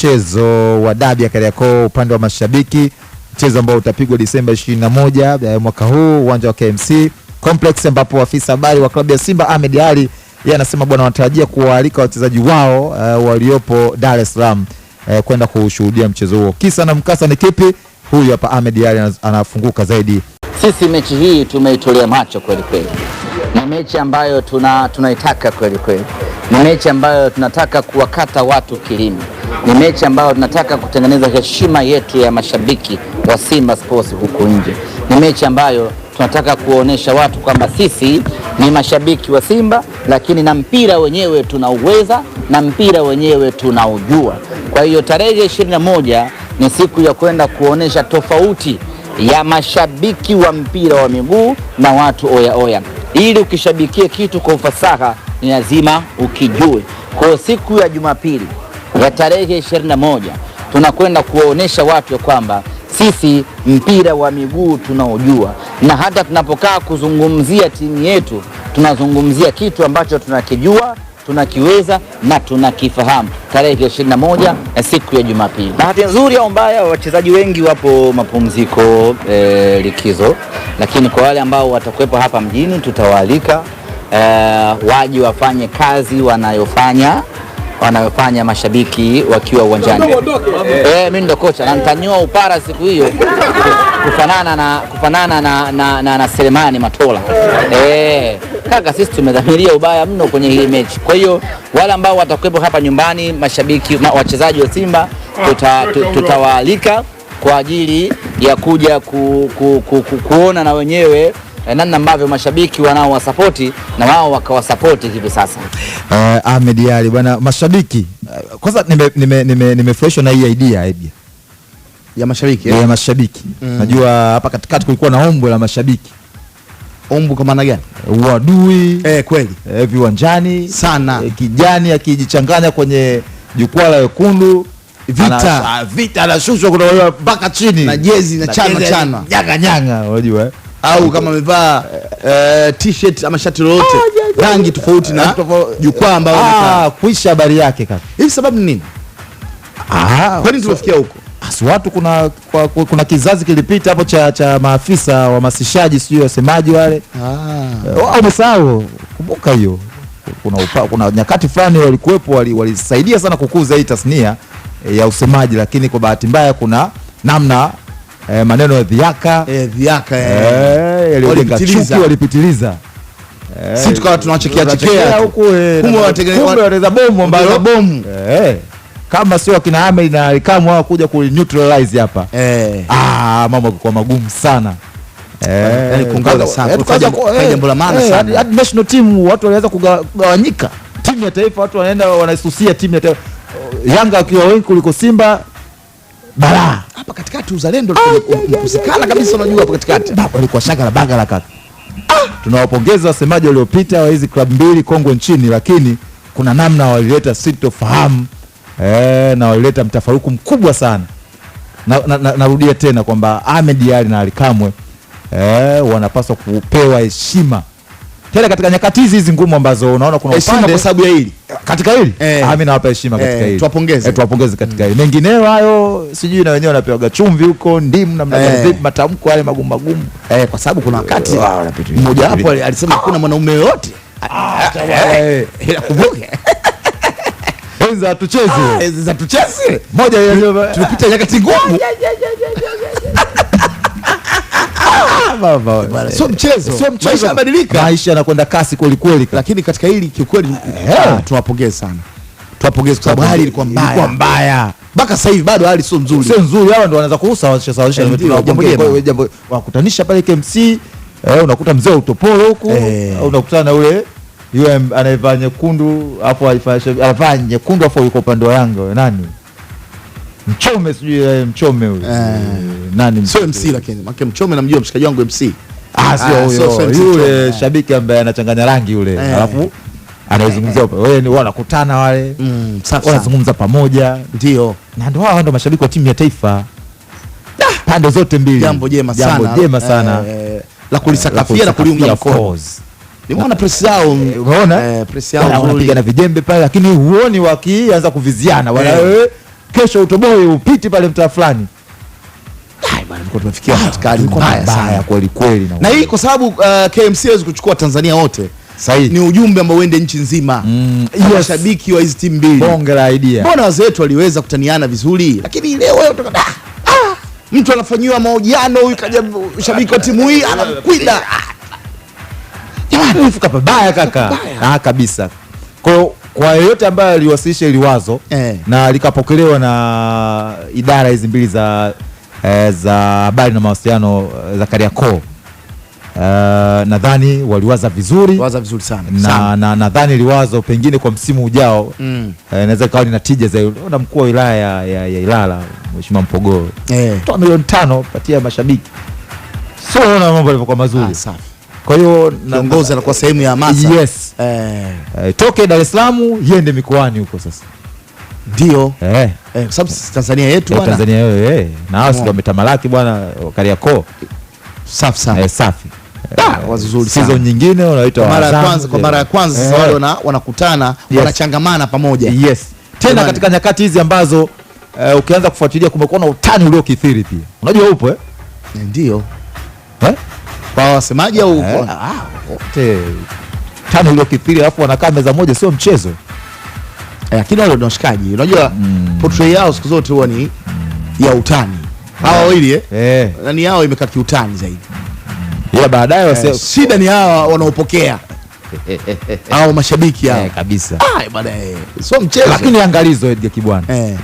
mchezo wa dabi ya Kariakoo upande wa mashabiki, mchezo ambao utapigwa Disemba 21 eh, mwaka huu uwanja wa KMC Complex, ambapo afisa habari wa klabu ya Simba Ahmed Ali yeye anasema bwana, wanatarajia kuwaalika wachezaji wao uh, waliopo Dar es Salaam uh, kwenda kushuhudia mchezo huo. Kisa na mkasa ni kipi? Huyu hapa Ahmed Ali anafunguka zaidi. Sisi mechi hii tumeitolea macho kweli kweli, ni mechi ambayo tuna, tunaitaka kweli kweli, ni mechi ambayo tunataka kuwakata watu kilimi. Ni mechi ambayo tunataka kutengeneza heshima yetu ya mashabiki wa Simba Sports huku nje. Ni mechi ambayo tunataka kuwaonyesha watu kwamba sisi ni mashabiki wa Simba, lakini na mpira wenyewe tunauweza na mpira wenyewe tunaujua. Kwa hiyo tarehe ishirini na moja ni siku ya kwenda kuonyesha tofauti ya mashabiki wa mpira wa miguu na watu oya oya. Ili ukishabikie kitu kwa ufasaha, ni lazima ukijue. Kwa siku ya Jumapili ya tarehe 21 tunakwenda kuwaonyesha watu ya kwamba sisi mpira wa miguu tunaojua, na hata tunapokaa kuzungumzia timu yetu tunazungumzia kitu ambacho tunakijua tunakiweza na tunakifahamu. Tarehe ya eh, siku ya Jumapili. Bahati nzuri au mbaya, wachezaji wengi wapo mapumziko e, likizo, lakini kwa wale ambao watakuwepo hapa mjini tutawaalika e, waje wafanye kazi wanayofanya wanayofanya mashabiki wakiwa uwanjani. Eh, mimi ndo kocha na nitanyoa upara siku hiyo kufanana na kufanana na, na, na, na Selemani Matola eh. Kaka, sisi tumedhamiria ubaya mno kwenye hii mechi. Kwa hiyo wale ambao watakuwepo hapa nyumbani, mashabiki ma, wachezaji wa Simba tutawaalika tuta kwa ajili ya kuja ku, ku, ku, ku, kuona na wenyewe eh, namna ambavyo mashabiki wanaowasapoti na wao wakawasapoti hivi sasa. Uh, Ahmed Ali bwana, mashabiki eh, kwanza nimefurahishwa nime, nime, nime na hii idea ya mashabiki ya, ya eh? mashabiki mm. Najua hapa katikati kulikuwa na ombwe la mashabiki Ombwe kwa maana gani? Uadui eh, kweli eh, viwanjani sana eh, kijani akijichanganya kwenye jukwaa la wekundu vita ah, anashushwa kutoka mpaka chini na jezi na chana chana nyanga nyanga, unajua au kama amevaa uh, eh, t ama shati lolote oh, rangi tofauti na ah. jukwaa ambao ah, kuisha habari yake kaka. Hivi sababu ni nini? Ah, kwani tumefikia huko? Asi watu kuna, kwa, kuna kizazi kilipita hapo cha, cha maafisa wahamasishaji sijui wasemaji wale ah. Umesahau oh, kumbuka hiyo kuna, upa, kuna nyakati fulani walikuwepo walisaidia wali sana kukuza hii tasnia e, ya usemaji, lakini kwa bahati mbaya kuna namna e, maneno ya dhiaka e, dhiaka e, yaliyojenga chuki walipitiliza. Eh, Sisi tukawa tunachekea chekea huko, eh, kumbe wanatengeneza bomu ambalo bomu eh. kama sio akina Ahmed na Alikamu wao kuja ku neutralize hapa eh. Ah, mambo kwa magumu sana eh, yani sana jambo la maana sana. Hadi national team watu waliweza kugawanyika, timu ya taifa watu wanaenda wanaisusia timu ya taifa, Yanga wakiwa wengi kuliko Simba balaa hapa katikati, uzalendo kusikana kabisa. Unajua hapa katikati alikuwa shaka la baga la kaka. Tunawapongeza wasemaji waliopita wa hizi klabu mbili kongwe nchini, lakini kuna namna walileta sitofahamu e, eh, na walileta mtafaruku mkubwa sana. Narudia na, na, na tena kwamba Ahmed Ally na Alikamwe e, eh, wanapaswa kupewa heshima tena katika nyakati hizi hizi ngumu ambazo unaona kuna upande kwa sababu ya hili katika hili eh, ah, mimi nawapa heshima eh, katika hili eh, tuwapongeze eh, tuwapongeze katika hili mm. Mengineo hayo sijui na wenyewe wanapewa chumvi huko ndimu na mnaweza eh, vipi, matamko yale magumu magumu eh, kwa sababu kuna wakati eh. mmoja wapo alisema kuna ah. mwanaume yote nakumbuka ah, ah, eh. enza tucheze enza tucheze moja, tulipita nyakati ngumu sio mchezo, sio mchezo. Maisha yanabadilika, maisha yanakwenda kasi kweli kweli, lakini katika hili kiukweli eh. ah, sana, tuwapongeze kwa sababu hali ilikuwa mbaya, ilikuwa mbaya mpaka sasa hivi bado hali sio nzuri, sio nzuri. Hawa ndio kuhusa eh, jambo, wakutanisha pale KMC, eh, unakuta mzee utopolo huku, unakutana na ule yule anayevaa nyekundu, afu anavaa nyekundu, afu yuko upande wa Yanga, nani Mchome sijui eh, Mchome huyu eh. nani sio MC lakini maana Mchome namjua mshikaji wangu MC. Ah, sio ah, huyo yule eh. shabiki ambaye anachanganya rangi yule alafu anazungumzia wewe ni wanakutana wale mm, sasa wanazungumza pamoja ndio, na ndio hao ndio mashabiki wa timu ya taifa ah! pande zote mbili. Jambo jema sana, jambo jema sana la kulisakafia na kuliunga mkono. Nimeona press yao, unaona press yao wanapiga na vijembe pale, lakini huoni wakianza kuviziana wala wewe kesho utoboe upiti pale mtaa fulani tumefikia ah, katikati mbaya sana kweli kweli, na hii kwa sababu uh, KMC hawezi kuchukua Tanzania wote. Sahihi. Ni ujumbe ambao uende nchi nzima mm, yes. Washabiki wa hizi timu mbili, bonge la idea. Mbona wazee wetu waliweza kutaniana vizuri, lakini leo wewe utoka ah, ah, mtu anafanyiwa mahojiano, huyu kaja shabiki wa timu hii anakwinda, jamani, fuka pabaya kaka, ah kabisa. Kwa hiyo kwa yeyote ambaye aliwasilisha hili wazo eh, na likapokelewa na idara hizi mbili za eh, za habari na mawasiliano eh, za Kariakoo Uh, nadhani waliwaza vizuri, waza vizuri sana na, na nadhani liwazo pengine kwa msimu ujao mm. Uh, eh, naweza ikawa lina tija zaidi. Na mkuu wa wilaya ya, ya, ya Ilala Mheshimiwa Mpogoro eh, toa milioni tano patia mashabiki, sio naona mambo yalivyokuwa mazuri ah, kwa hiyo kiongozi anakuwa sehemu ya hamasa. Yes. Eh. Eh, toke Dar es Salaam yende mikoani huko sasa. Ndio. Eh. Eh, kwa sababu sisi Tanzania yetu eh, bwana. Tanzania yetu eh. Na hao sio eh. wametamalaki bwana Kariakoo. Safi sana. Eh, safi. Ah, Wazuri eh, sana. Season nyingine wanaita mara ya kwanza kwa mara ya kwanza sasa wale wana, wanakutana yes. wanachangamana pamoja. Yes. Tena Tumani. katika nyakati hizi ambazo uh, ukianza kufuatilia kumekuwa na utani uliokithiri pia. Unajua upo eh? Ndio. Eh? kwa wasemaji au eh, ah, wote tano iliyokithiri, alafu wanakaa meza moja, sio mchezo. Eh, lakini wale washikaji, unajua mm. portrait yao siku zote huwa ni mm. ya utani hawa eh. wawili eh, eh, nani yao imekaa kiutani zaidi, mm. ila baadaye wase shida ni hawa wanaopokea au mashabiki hao kabisa. Ah, bwana, sio mchezo. Lakini angalizo Edgar Kibwana eh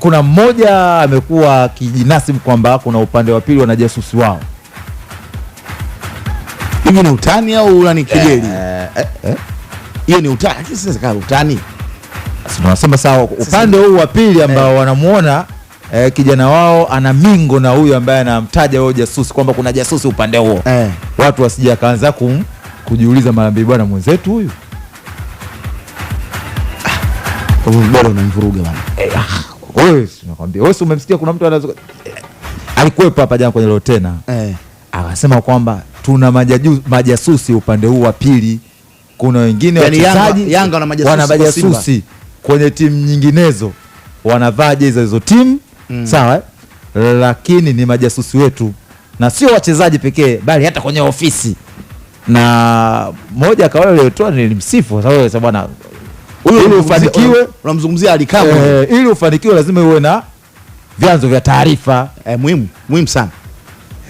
kuna mmoja amekuwa kijinasibu kwamba kuna upande wa pili wanajasusi wao hiyo ni utani au ni unanikejeli? Eh, eh, eh, hiyo ni utani, lakini sasa kama utani. Sasa tunasema sawa, upande huu wa pili ambao wanamuona eh, kijana wao ana mingo na huyu ambaye anamtaja wao jasusi kwamba kuna jasusi upande huo eh. Watu wasija kaanza kum, kujiuliza mara mbili, bwana mwenzetu huyu ah, bora unamvuruga bwana. eh, ah, Wewe nakwambia wewe, umemsikia kuna mtu anazo alikuwepo hapa jana kwenye leo tena eh, akasema kwamba tuna majaju, majasusi upande huu wa pili. Kuna wengine yani wachezaji Yanga wana majasusi, wana majasusi kwenye timu nyinginezo wanavaa jezi za hizo timu mm. Sawa, lakini ni majasusi wetu na sio wachezaji pekee, bali hata kwenye ofisi. Na moja kauli aliyotoa nilimsifu kwa sababu bwana huyo, ili ufanikiwe, unamzungumzia Ally Kamwe, eh, ili ufanikiwe lazima uwe na vyanzo vya taarifa eh, muhimu muhimu sana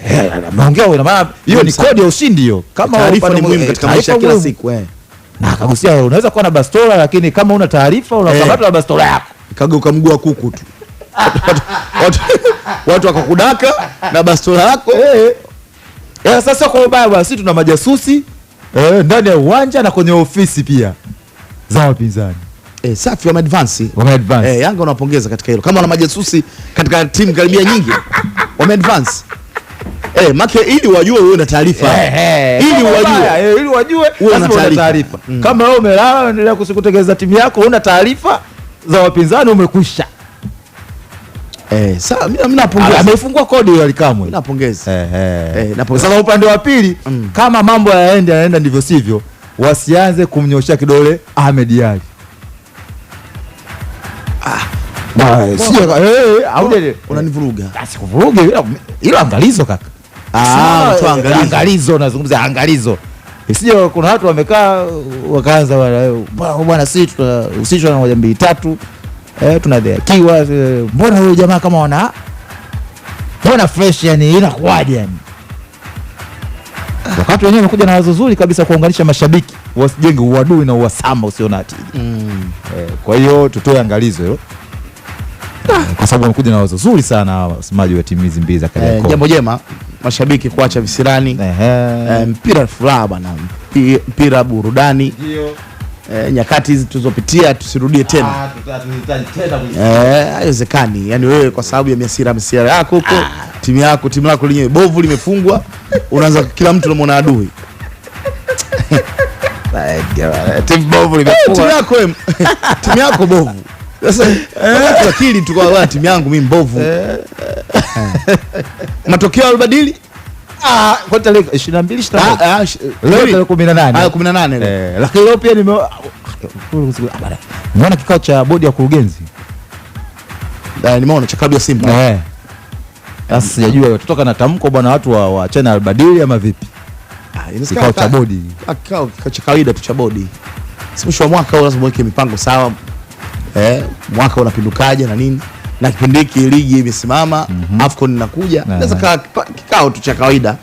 Eh, eh. Naongea wewe, maana hiyo ni kodi ya ushindi hiyo, kama taarifa ni muhimu katika maisha kila siku eh. Na akagusia unaweza kuwa na bastola lakini kama una taarifa eh. unakamatwa na bastola yako. Kageuka mguu wa kuku tu. Watu wakakudaka na bastola yako. Eh, sasa kwa ubaya bwana, sisi tuna majasusi eh, ndani ya uwanja na kwenye ofisi pia za wapinzani. Eh, safi wame advance. Wame advance. Eh, Yanga unapongeza katika hilo. Kama wana majasusi katika timu karibia nyingi wame advance eh, make ili wajue wewe una taarifa eh, eh. Eh, ili wajue ili wajue una taarifa mm. Kama wewe umelala unaendelea kusikutegeza timu yako, una taarifa za wapinzani, umekwisha eh. Sasa mimi napongeza, ah, amefungua kodi yule Alikamwe, napongeza eh, eh, napongeza. Sasa upande wa pili mm. Kama mambo yanaenda yanaenda ndivyo sivyo, wasianze kumnyoshia kidole Ahmed ah sio Ally unanivuruga, ah, sikuvuruga, ila angalizo kaka ah, angalizo nazungumza angalizo eh, sije kuna watu wamekaa wakaanza bwana, sisi tunahusishwa na moja mbili tatu eh, tunadhihakiwa. Eh, mbona huyu jamaa kama wana mbona fresh yani, inakuwaje yani? Wakati wenyewe wamekuja na wazo zuri kabisa kuunganisha mashabiki wasijenge uadui na uhasama usio na tija mm. Eh, kwa hiyo tutoe angalizo hilo eh. ah. kwa sababu wamekuja na wazo zuri sana wasemaji wa timu hizi mbili za Kariakoo. Jambo jema mashabiki kuacha visirani e, mpira furaha bwana, mpira burudani e, nyakati hizi tulizopitia tusirudie tena, ah, eh, haiwezekani. E, yani wewe kwa sababu ya miasira miasira yako huko ah. timu yako timu lako lenyewe bovu limefungwa, unaanza kila mtu unamwona adui timu bovu yako timu yako bovu sasa akili tu kwa timu yangu mimi mbovu matokeo yalibadili Ah, kwa tarehe 22 ah, ah, tarehe 18. 18 ah, eh, Lakini leo pia Nimeona kikao cha bodi ya kurugenzi. Eh, nimeona cha klabu ya Simba. Eh. Sasa sijajua watatoka na tamko bwana watu wa, wa albadili ama vipi? Ah, kikao cha bodi. Kikao cha kawaida tu cha bodi. Si mwisho wa mwaka lazima uweke mipango sawa. Eh, mwaka unapindukaje na nini? na kipindi hiki ligi imesimama mm -hmm. AFCON inakuja naweza kaa kikao tu cha kawaida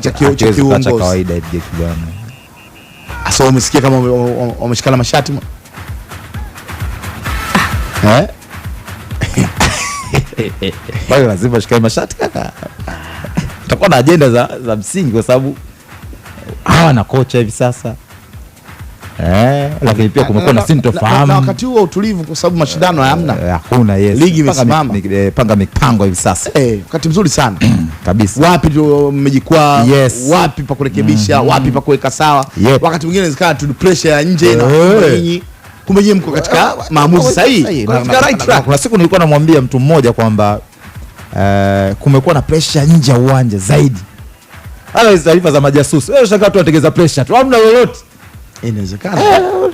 cha kiuongozi asa, umesikia kama wameshikana mashati ah. eh? lazima shikae mashati kaka, utakuwa na ajenda za, za msingi kwa sababu hawa na kocha hivi sasa Eh, lakini pia kumekuwa na sintofahamu na wakati huo utulivu, kwa sababu mashindano hamna, eh, hakuna yes, ligi imesimama, eh, panga mipango hivi sasa. Eh, wakati mzuri sana kabisa, wapi ndio eh, yes, wapi pa kurekebisha, mm -hmm, wapi pa kuweka sawa, yep. Wakati mwingine zikawa tu pressure ya nje na nyinyi kumbe nyinyi mko katika maamuzi sahihi. Kuna siku nilikuwa namwambia mtu mmoja kwamba kumekuwa na pressure nje ya uwanja zaidi, hata taarifa za majasusi wewe, shaka tu anatengeza pressure tu, hamna lolote Inawezekana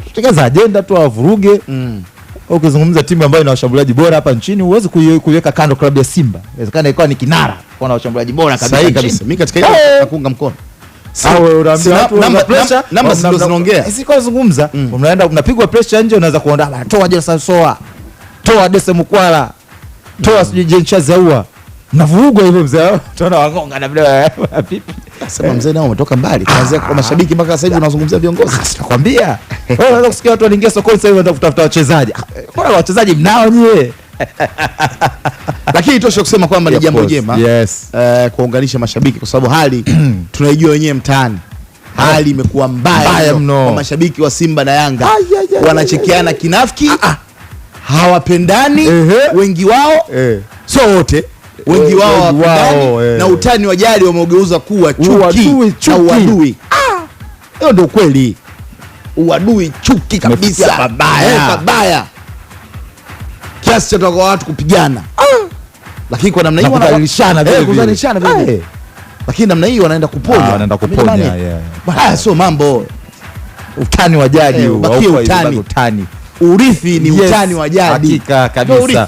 tutengeza eh, ajenda tu awavuruge mm. Ukizungumza timu ambayo ina washambuliaji bora hapa nchini huwezi kuiweka kando klabu ya Simba. Inawezekana ikawa ni kinara kwa na washambuliaji bora kabisa. Sahihi kabisa. Mimi katika hilo eh. nakuunga mkono. Namba sio zinaongea. Zungumza mm. unaenda unapigwa pressure nje unaweza kuondoa toa Jason Soa. Toa Dese Mkwala. Toa mm. sijui Jencha Zaua navurugwa hivyo mzee, tunaona wakonga na vile eh, vipi? Sema mzee nao umetoka mbali, kuanzia kwa mashabiki mpaka sasa hivi unazungumzia viongozi. Nakwambia ah, wewe unaweza kusikia watu wanaingia sokoni sasa hivi wanataka kutafuta wachezaji. Eh, bora wachezaji mnao nyewe lakini tosha kusema kwamba ni jambo jema yes. Uh, kuunganisha mashabiki kwa sababu hali tunaijua wenyewe mtaani hali ah, imekuwa mbaya mno kwa mashabiki wa Simba na Yanga wanachekeana kinafiki, ah, ah. hawapendani wengi wao uh wote wengi wao wapinzani eh. na utani wa jadi wameugeuza kuwa chuki na uadui. Ah, hiyo ndio kweli, uadui, chuki kabisa, mabaya eh, pabaya kiasi cha kwa watu kupigana, ah. lakini kwa namna hii wanabadilishana eh, vile vile, kuzalishana vile, lakini namna hii wanaenda kuponya, ah, wanaenda kuponya. Haya sio mambo, utani wa jadi, ubakie utani. Urithi ni utani wa jadi, hakika kabisa.